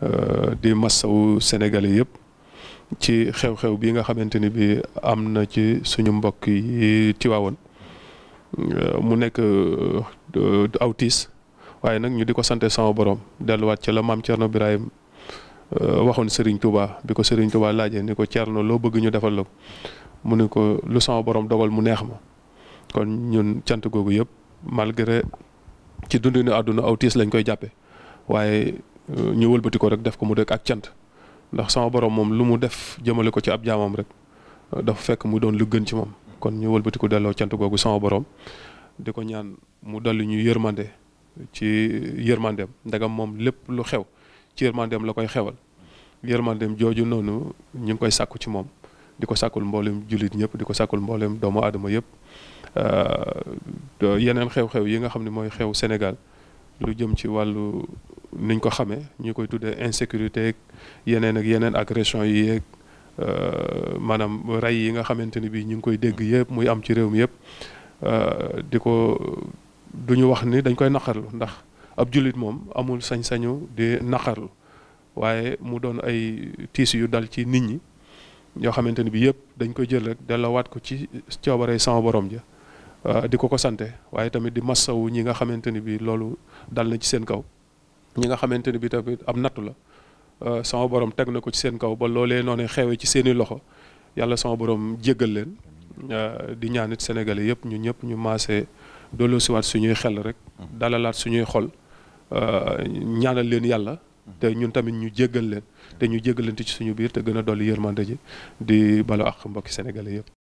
Euh, di massawu sénégalais yëpp ci xew-xew bii nga xamante ni bi am na ci suñu mbokk yi Tiwaawoon euh, mu nekk euh, aw waaye nag ñu di ko sante sama borom delluwaat ci la maam Thierno Birahim waxoon sëriñ Touba bi ko Serigne Touba laajee ni ko Thierno loo bëgg ñu defal la ko mu ne ko lu sama borom dogal mu neex ma kon ñun cant googu yëpp malgré ci dundinu àdduna aw lañ koy jàppe waaye Euh, ñu wëlbati rek def ko mu dëkk ak cant ndax sama boroom moom lu mu def jëmale ko ci ab jaamam rek euh, dafa fekk mu doon lu gën ci moom kon ñu wëlbati ko delloo cant googu sama borom di ko ñaan mu dolli ñu yërmande ci yërmandeem ndegam moom lépp lu xew ci yërmandeem la koy xewal yërmandeem jooju noonu ñu ngi koy sàkku ci moom di ko sàkkul mboolem jullit ñëpp di ko sàkkul mboolem doomu aadama yëpp euh, yeneen xew-xew yi nga xam ne mooy xew Sénégal lu jëm ci wàllu niñ ko xamee ñu koy tuddee insécurité yeneen ak yeneen agression yi yeeg euh, maanaam rey yi nga xamante ni bii ñu ngi koy dégg yëpp muy am ci réew mi yëpp euh, di ko du ñu wax ni dañ koy naqarlu ndax ab jullit moom amul sañ-sañu di naqarlu waaye mu doon ay tiis yu dal ci nit ñi yoo xamante ni bii yëpp dañ koy jël rek delloowaat ko ci coobare sama borom ja euh, di ko ko sante waaye tamit di massawu ñi nga xamante ni bii loolu dal na ci seen kaw. ñi nga xamante ni bi tamit am nattu la euh, sama borom teg na ko ci seen kaw ba loolee noonu xewee ci seen i loxo yàlla sama boroom jéggal leen euh, di ñaanit sénégalais yëpp ñu ñëpp ñu maasee doolu su ñuy xel rek dalalaat suñuy xol euh, ñaanal leen yàlla te ñun tamit ñu jéggal leen te ñu jéggalante ci suñu biir te gën a dolli yërmande ji di balo ak mbokki sénégalais yëpp